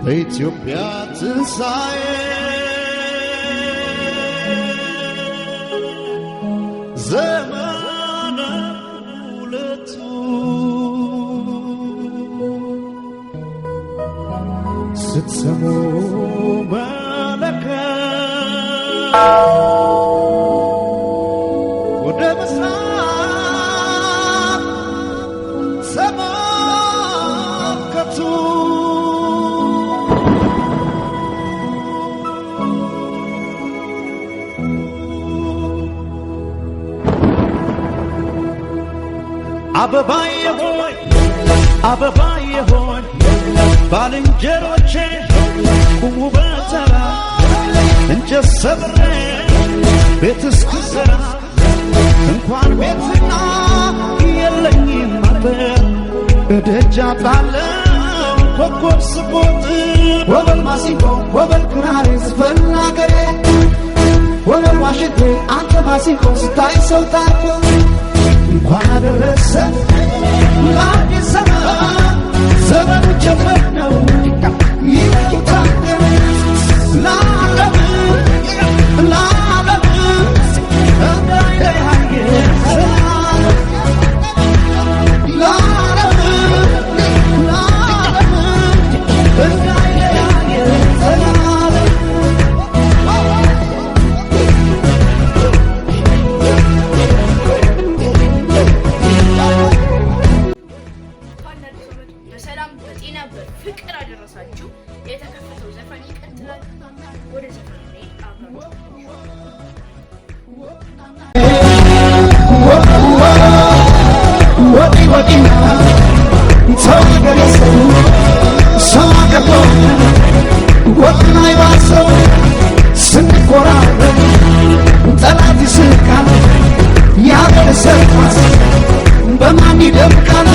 Beți-o piață în saie Zămână mulățu Să-ți አበባዬ ሆይ አበባዬ ሆይ ባልንጀሮቼ ቁሙ በተራ እንጨት ሰብሬ ቤት እስክሰራ እንኳን ቤትና የለኝም አጥር እደጃ ጣለው ኮኮብ ስቦት ወበል ማሲንቆ ወበል ክራሪ ዝፈን ወበል ዋሽንቴ አንተ ማሲንቆ ስታይ ሰው ታርኮ እንኳን አደረሰን ለአዲስ ዘመን ዘመኑ ጀመር ነው ጤና በፍቅር አደረሳችሁ። የተከፈተው ዘፈን ይቀጥላል። ወደ ዘፈን ጠላት ይስቃል፣ በማን ይደምቃል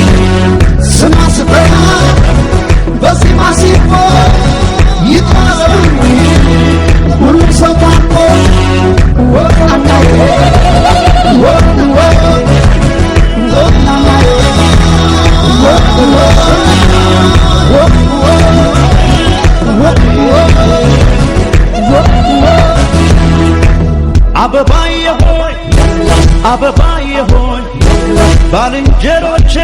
አበባዬ ሆይ አበባዬ ሆይ ባልንጀሮቼ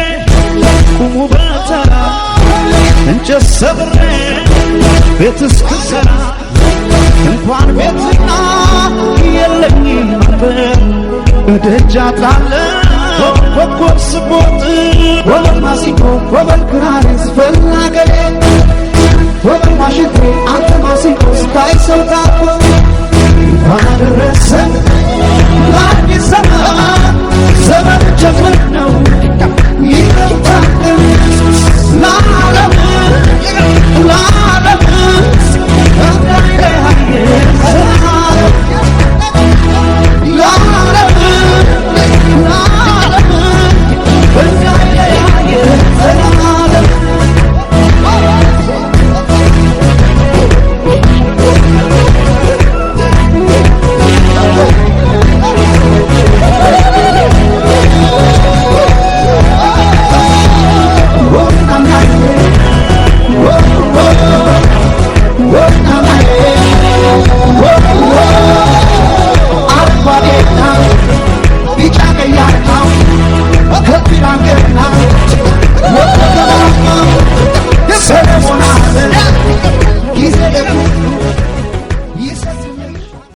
ቁሙ በተራ እንጨት ሰብሬ ቤት እስክሰራ እንኳን ቤትና የለኝም መንበር እደጃታለሁ ኮኮብ ስቦጥ ወለማሲኮ ኮበል ክራሬ ስፈላገሌ